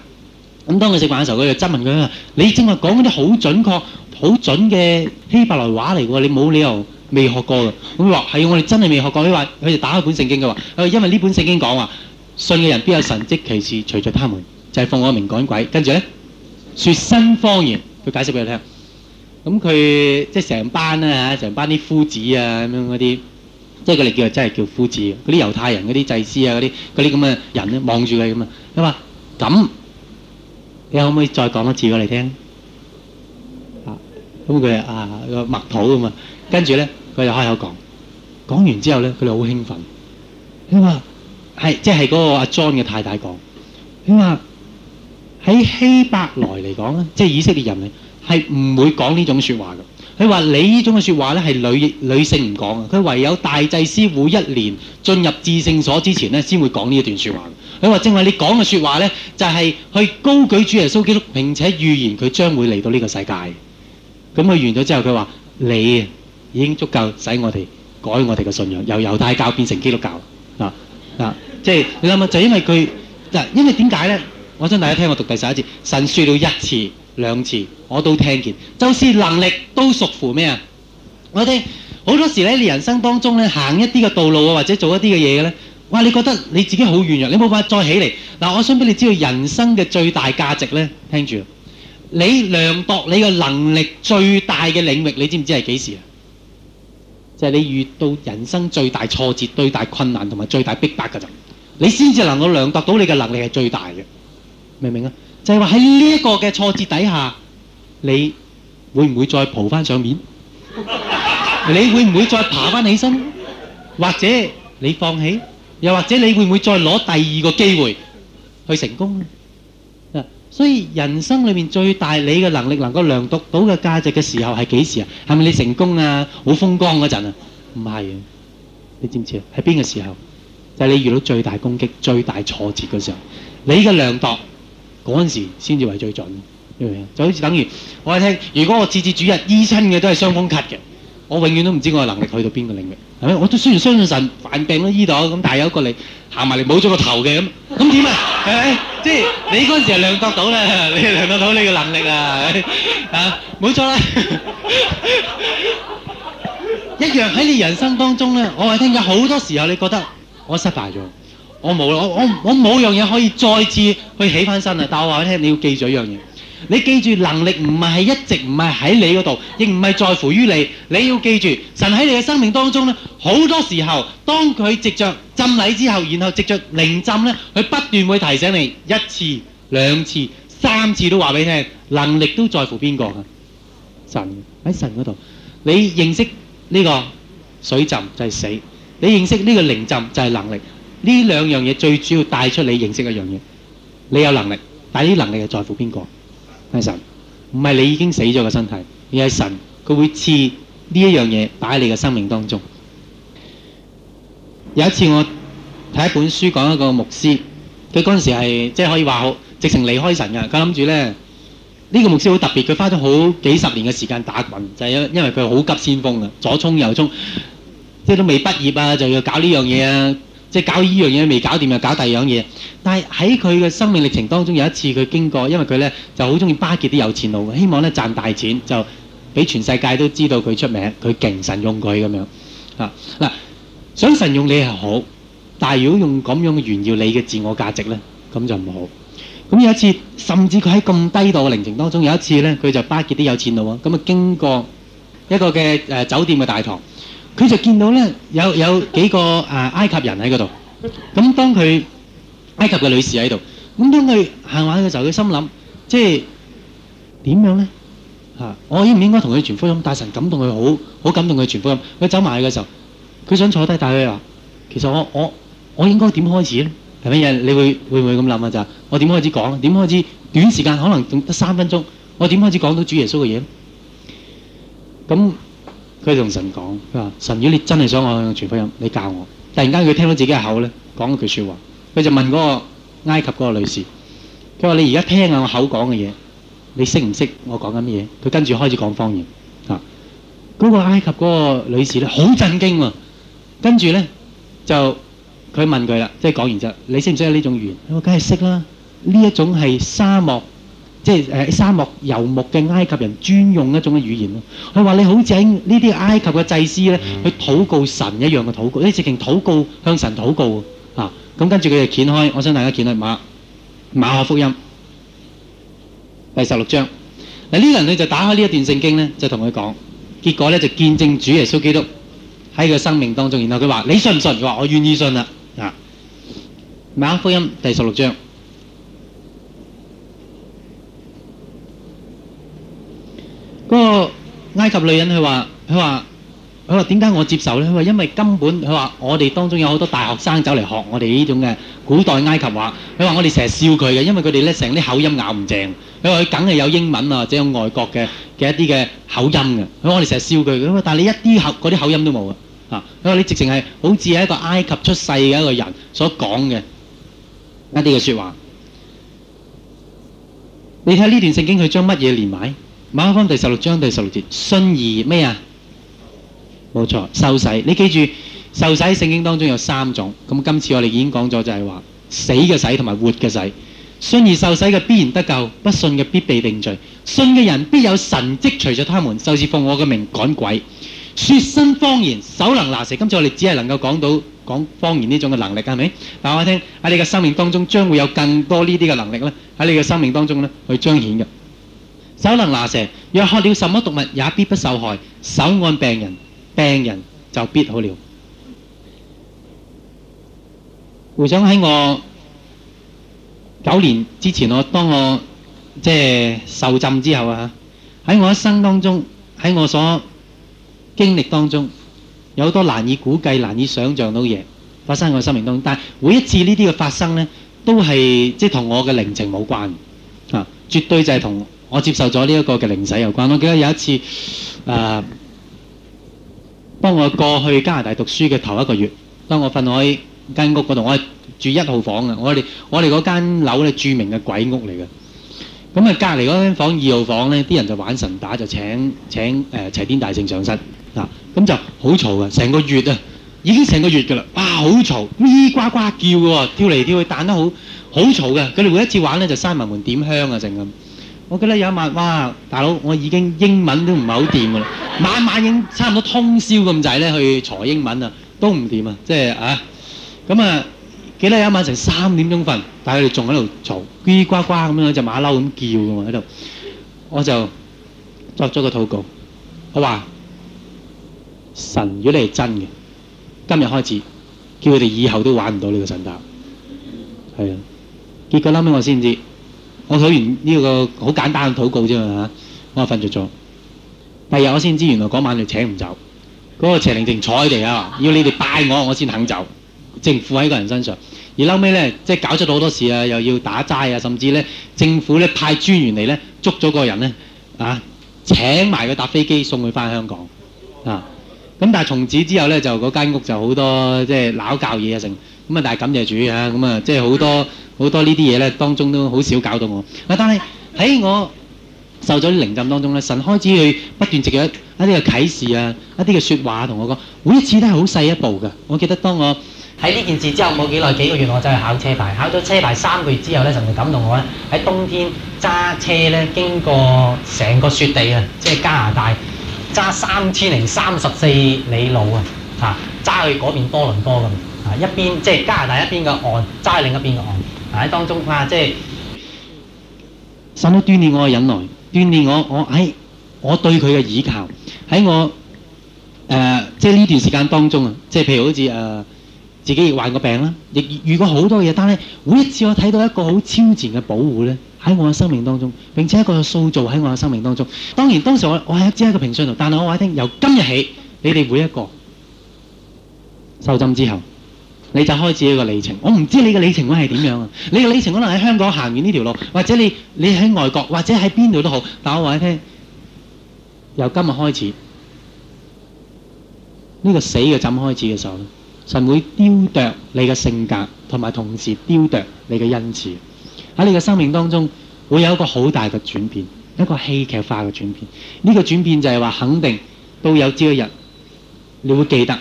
咁當佢食飯嘅時候，佢就質問佢啊：你正話講嗰啲好準確、好準嘅希伯來話嚟喎，你冇理由。未學過㗎，咁話係我哋真係未學過。咁話佢哋打開本聖經嘅話，因為呢本聖經講話，信嘅人必有神蹟奇事隨、就是、著，著他們，就係奉我名趕鬼。跟住咧，説新方言，佢解釋俾你聽。咁佢即係成班啦，成班啲夫子啊咁樣嗰啲，即係佢哋叫真係叫夫子。嗰啲猶太人嗰啲祭司啊嗰啲啲咁嘅人咧，望住佢咁啊，咁你可唔可以再講一次俾你聽？啊，咁佢啊麥討咁嘛。跟住咧，佢就開口講。講完之後咧，佢哋好興奮。佢話係即係嗰個阿 John 嘅太太講。佢話喺希伯來嚟講咧，即係以色列人咧，係唔會講呢種説話嘅。佢話你呢種嘅説話咧，係女女性唔講嘅。佢唯有大祭司每一年進入至聖所之前咧，先會講呢一段説話。佢話正話你講嘅説話咧，就係去高舉主耶穌基督，並且預言佢將會嚟到呢個世界。咁佢完咗之後，佢話你啊。已經足夠使我哋改我哋嘅信仰，由猶太教變成基督教啊啊！即、啊、係、就是、你諗下，就因為佢嗱，因為點解呢？我想大家聽我讀第十一節，神説了一次兩次，我都聽見，就是能力都屬乎咩啊？我哋好多時咧，你人生當中咧，行一啲嘅道路啊，或者做一啲嘅嘢咧，哇！你覺得你自己好軟弱，你冇辦法再起嚟嗱、啊。我想俾你知道人生嘅最大價值咧，聽住，你量度你嘅能力最大嘅領域，你知唔知係幾時啊？就係、是、你遇到人生最大挫折、最大困難同埋最大逼迫嘅就，你先至能夠量度到你嘅能力係最大嘅，明唔明啊？就係話喺呢一個嘅挫折底下，你會唔會再蒲翻上面？你會唔會再爬翻起身？或者你放棄？又或者你會唔會再攞第二個機會去成功呢？所以人生裏面最大你嘅能力能夠量度到嘅價值嘅時候係幾時啊？係咪你成功啊？好風光嗰陣啊？唔係，你知唔知啊？喺邊個時候？就係你遇到最大攻擊、最大挫折嗰時候，你嘅量度嗰陣時先至為最準的，對對。就好似等於我聽，如果我次次主日醫親嘅都係雙風咳嘅。我永遠都唔知我嘅能力去到邊個領域，係咪？我都雖然相信神，犯病都醫到，咁但係有一個你行埋嚟冇咗個頭嘅咁，咁點啊？即係你嗰陣時係量得到啦，你量得到你嘅能力啊！嚇，冇錯啦。一樣喺你人生當中咧，我係聽咗好多時候你覺得我失敗咗，我冇，我我冇樣嘢可以再次去起翻身啊！但係我話你聽，你要記住一樣嘢。你記住，能力唔係一直唔係喺你嗰度，亦唔係在乎於你，你要記住，神喺你嘅生命當中，好多時候，當佢藉著浸禮之後，然後藉著靈浸，佢不斷會提醒你，一次，兩次，三次都話俾你聽，能力都在乎邊個㗎？神，喺神嗰度，你認識呢個水浸就係死，你認識呢個靈浸就係能力，呢兩樣嘢最主要帶出你認識一樣嘢，你有能力，但呢能力係在乎邊個？係神，唔係你已經死咗個身體，而係神，佢會似呢一樣嘢擺喺你嘅生命當中。有一次我睇一本書講一個牧師，佢嗰陣時係即係可以話好直情離開神㗎，佢諗住咧呢個牧師好特別，佢花咗好幾十年嘅時間打滾，就係因因為佢好急先鋒㗎，左衝右衝，即係都未畢業啊，就要搞呢樣嘢啊！即係搞依樣嘢未搞掂，又搞第二樣嘢。但係喺佢嘅生命歷程當中，有一次佢經過，因為佢呢就好中意巴結啲有錢佬，希望呢賺大錢，就俾全世界都知道佢出名。佢勁神用佢咁樣啊！嗱、啊，想神用你係好，但係如果用咁樣炫耀你嘅自我價值呢，咁就唔好。咁有一次，甚至佢喺咁低度嘅靈程當中，有一次呢，佢就巴結啲有錢佬喎。咁啊，經過一個嘅誒酒店嘅大堂。佢就見到咧有有幾個啊埃及人喺嗰度，咁當佢埃及嘅女士喺度，咁當佢行下嘅時候，佢心諗即係點樣咧？嚇、啊，我應唔應該同佢傳福音？但神感動佢，好好感動佢傳福音。佢走埋去嘅時候，佢想坐低，帶佢話：其實我我我應該點開始咧？係咪？你會會唔會咁諗啊？就我點開始講？點開始短時間可能得三分鐘？我點開始講到主耶穌嘅嘢咁。佢同神講，佢話神，如果你真係想我傳福音，你教我。突然間佢聽到自己嘅口咧講咗句説話，佢就問嗰個埃及嗰個女士，佢話你而家聽下我口講嘅嘢，你識唔識我講緊乜嘢？佢跟住開始講方言啊！嗰、那個埃及嗰個女士咧好震驚喎、啊，跟住咧就佢問佢啦，即係講完之後，你識唔識呢種語言？我梗係識啦，呢一種係沙漠即係誒沙漠遊牧嘅埃及人專用一種嘅語言咯。佢話你好整呢啲埃及嘅祭司咧，去禱告神一樣嘅禱告，佢直情禱告向神禱告啊。咁跟住佢就掀開，我想大家掀開馬馬可福音第十六章。嗱呢個人佢就打開呢一段聖經咧，就同佢講，結果咧就見證主耶穌基督喺佢生命當中。然後佢話：你信唔信？佢話：我願意信啦啊！馬可福音第十六章。埃及女人佢話：佢話佢話點解我接受呢？佢話因為根本佢話我哋當中有好多大學生走嚟學我哋呢種嘅古代埃及話。佢話我哋成日笑佢嘅，因為佢哋咧成啲口音咬唔正。佢話佢梗係有英文啊，或者有外國嘅嘅一啲嘅口音嘅。佢話我哋成日笑佢嘅，咁啊！但係你一啲口嗰啲口音都冇啊！啊！佢話你直情係好似係一個埃及出世嘅一個人所講嘅一啲嘅説話。你睇下呢段聖經佢將乜嘢連埋？馬可福音第十六章第十六節，信而咩啊？冇錯，受洗，你記住，受洗喺聖經當中有三種，今次我哋已經講咗就係話死嘅洗同埋活嘅洗。信而受洗嘅必然得救，不信嘅必被定罪，信嘅人必有神蹟隨著他們，就係奉我嘅名趕鬼。說新方言，手能拿蛇。今次我哋只係能夠講到講方言呢種嘅能力，係咪？大家聽，喺你嘅生命當中將會有更多呢啲嘅能力咧，喺你嘅生命當中咧去彰顯嘅。手能拿蛇，若喝了什麼毒物，也必不受害。手按病人，病人就必好了。回想喺我九年之前，我當我即係受浸之後啊，喺我一生當中，喺我所經歷當中，有好多難以估計、難以想像到嘅嘢發生喺我生命當中。但係每一次呢啲嘅發生呢，都係即係同我嘅靈情冇關啊，絕對就係同，我接受咗呢一個嘅靈洗有關，我記得有一次，誒、啊，當我過去加拿大讀書嘅頭一個月，當我瞓喺間屋嗰度，我係住一號房啊！我哋我哋嗰間樓咧著名嘅鬼屋嚟嘅，咁啊隔離嗰間房二號房咧，啲人就玩神打，就請請誒呃、齊天大聖上身啊，咁就好嘈嘅，成個月啊，已經成個月嘅啦，哇好嘈，咪呱呱叫嘅喎，跳嚟跳去，彈得好好嘈嘅，佢哋每一次玩咧就閂埋門點香啊，成咁。我記得有一晚，哇！大佬，我已經英文都唔係好掂㗎啦，晚晚已經差唔多通宵咁滯咧去嘈英文啊，都唔掂啊，即係啊，咁啊，記得有一晚成三點鐘瞓，但係佢哋仲喺度嘈，咿呱呱咁樣，隻馬騮咁叫㗎嘛喺度，我就作咗個禱告，我話神，如果你係真嘅，今日開始，叫佢哋以後都玩唔到呢個神答，係啊，結果後尾我先知。我唸完呢個好簡單嘅禱告啫嘛嚇，我啊瞓着咗。第二日我先知原來嗰晚你請唔走，嗰、那個邪靈靜坐喺地啊，要你哋拜我，我先肯走。政府喺一個人身上，而嬲尾咧即係搞出好多事啊，又要打齋啊，甚至咧政府咧派專員嚟咧捉咗個人咧啊，請埋佢搭飛機送佢翻香港啊。咁但係從此之後咧就嗰間屋就好多即係鬧教嘢啊成。咁啊！但係感謝主啊！咁啊，即係好多好多呢啲嘢咧，當中都好少搞到我。但係喺我受咗靈浸當中咧，神開始去不斷藉著一啲嘅啟示啊，一啲嘅説話同我講，每一次都係好細一步嘅。我記得當我喺呢件事之後冇幾耐，幾個月，我就去考車牌，考咗車牌三個月之後咧，神就感動我咧，喺冬天揸車咧，經過成個雪地啊，即係加拿大揸三千零三十四里路啊，嚇揸去嗰邊多倫多咁。一邊即係加拿大一邊嘅岸，齋另一邊嘅岸。喺當中啊，即係甚到鍛鍊我嘅忍耐，鍛鍊我我喺我對佢嘅倚靠。喺我誒、呃、即係呢段時間當中啊，即係譬如好似誒、呃、自己亦患個病啦，亦遇過好多嘢，但係每一次我睇到一個好超前嘅保護咧，喺我嘅生命當中，並且一個塑造喺我嘅生命當中。當然當時我我係只係一個平信徒，但係我話聽，由今日起，你哋每一個受浸之後。你就開始一個里程，我唔知你嘅里程會係點樣啊！你嘅里程可能喺香港行完呢條路，或者你你喺外國，或者喺邊度都好。但我話你聽，由今日開始，呢、這個死嘅浸開始嘅時候，神會雕琢你嘅性格，同埋同時雕琢你嘅恩賜。喺你嘅生命當中，會有一個好大嘅轉變，一個戲劇化嘅轉變。呢、這個轉變就係話，肯定到有朝一日，你會記得。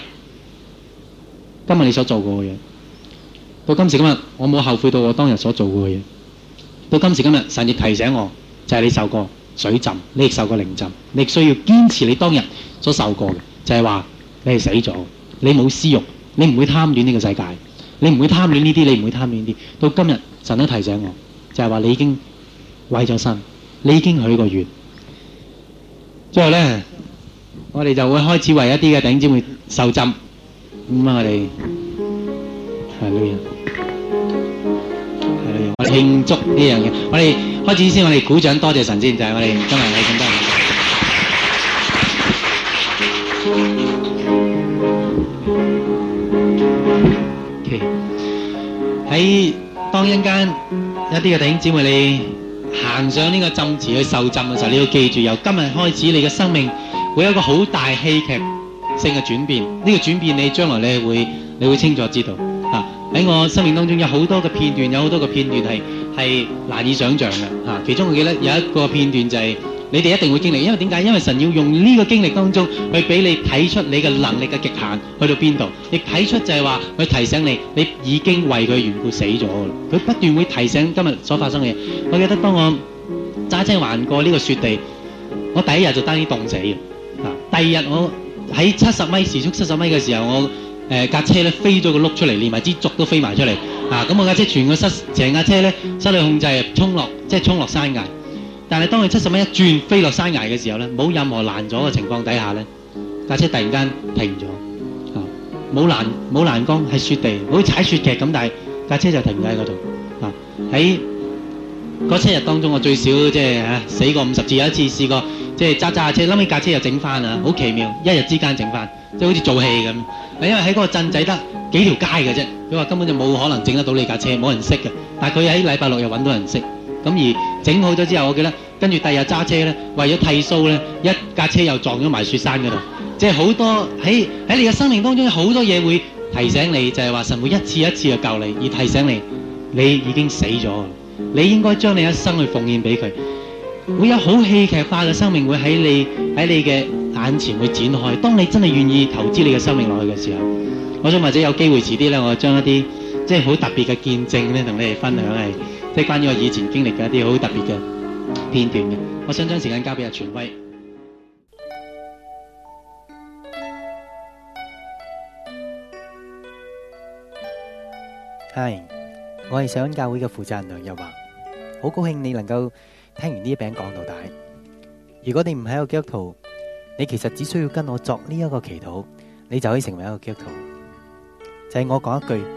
今日你所做過嘅嘢，到今時今日，我冇後悔到我當日所做過嘅嘢。到今時今日，神亦提醒我，就係、是、你受過水浸，你亦受過靈浸，你亦需要堅持你當日所受過嘅，就係、是、話你係死咗，你冇私欲，你唔會貪戀呢個世界，你唔會貪戀呢啲，你唔會貪戀呢啲。到今日，神都提醒我，就係、是、話你已經毀咗身，你已經許過願。之後咧，我哋就會開始為一啲嘅頂尖會受浸。咁啊！我哋係呢樣，係呢樣，我哋慶祝呢樣嘢。我哋開始先，我哋鼓掌，多謝神先，就係我哋今日有咁多人。OK，喺當一間有啲嘅弟兄姊妹，你行上呢個浸池去受浸嘅時候，你要記住，由今日開始，你嘅生命會有一個好大戲劇性嘅轉變呢，這個轉變你將來你會，你會清楚知道。嚇、啊，喺我生命當中，有好多嘅片段，有好多嘅片段係係難以想像嘅，啊。其中我記得有一個片段就係，你哋一定會經歷，因為點解？因為神要用呢個經歷當中去俾你睇出你嘅能力嘅極限去到邊度，亦睇出就係話，佢提醒你，你已經為佢嘅緣故死咗。佢不斷會提醒今日所發生嘅嘢。我記得當我揸車橫過呢個雪地，我第一日就當啲凍死，啊，第二日我。喺七十米時速七十米嘅時候，我誒架、呃、車咧飛咗個轆出嚟，連埋支竹都飛埋出嚟。啊，咁我架車全個失成架車咧失去控制，衝落即係衝落山崖。但係當佢七十米一轉飛落山崖嘅時候咧，冇任何爛咗嘅情況底下咧，架車突然間停咗。啊，冇爛冇爛光，係雪地，好似踩雪屐咁，但係架車就停喺嗰度。啊，喺。嗰七日當中，我最少即係死過五十次，有一次試過即係揸揸車，冧起架車又整翻啊！好奇妙，一日之間整翻，即係好似做戲咁。因為喺嗰個鎮仔得幾條街嘅啫，佢話根本就冇可能整得到你架車，冇人識嘅。但佢喺禮拜六又揾到人識，咁而整好咗之後，我記得跟住第二日揸車咧，為咗剃須咧，一架車又撞咗埋雪山嗰度。即係好多喺喺你嘅生命當中，好多嘢會提醒你，就係、是、話神會一次一次嘅救你，而提醒你你已經死咗。你應該將你一生去奉獻俾佢，會有好戲劇化嘅生命會喺你喺你嘅眼前會展開。當你真係願意投資你嘅生命落去嘅時候，我想或者有機會遲啲咧，我將一啲即係好特別嘅見證咧，同你哋分享係即係關於我以前經歷嘅一啲好特別嘅片段嘅。我想將時間交俾阿全威，係。我係上恩教會嘅負責人梁日華，好高興你能夠聽完呢一餅講到大。如果你唔喺個基督徒，你其實只需要跟我作呢一個祈禱，你就可以成為一個基督徒。就係、是、我講一句，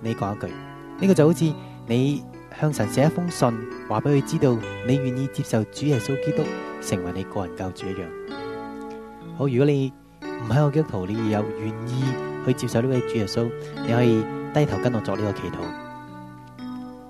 你講一句，呢、這個就好似你向神寫一封信，話俾佢知道你願意接受主耶穌基督成為你個人救主一樣。好，如果你唔喺個基督徒，你又願意去接受呢位主耶穌，你可以低頭跟我作呢個祈禱。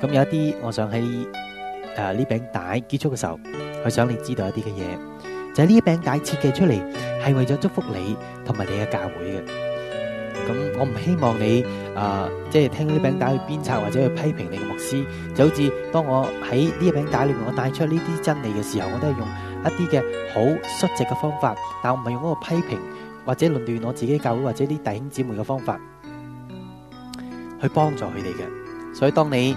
咁有一啲，我想喺誒呢餅帶結束嘅時候，佢想你知道一啲嘅嘢，就係、是、呢餅帶設計出嚟係為咗祝福你同埋你嘅教會嘅。咁我唔希望你誒，即、呃、係、就是、聽呢餅帶去鞭策或者去批評你嘅牧師，就好似當我喺呢餅帶裏面我帶出呢啲真理嘅時候，我都係用一啲嘅好率直嘅方法，但我唔係用嗰個批評或者論斷我自己教會或者啲弟兄姊妹嘅方法去幫助佢哋嘅。所以當你。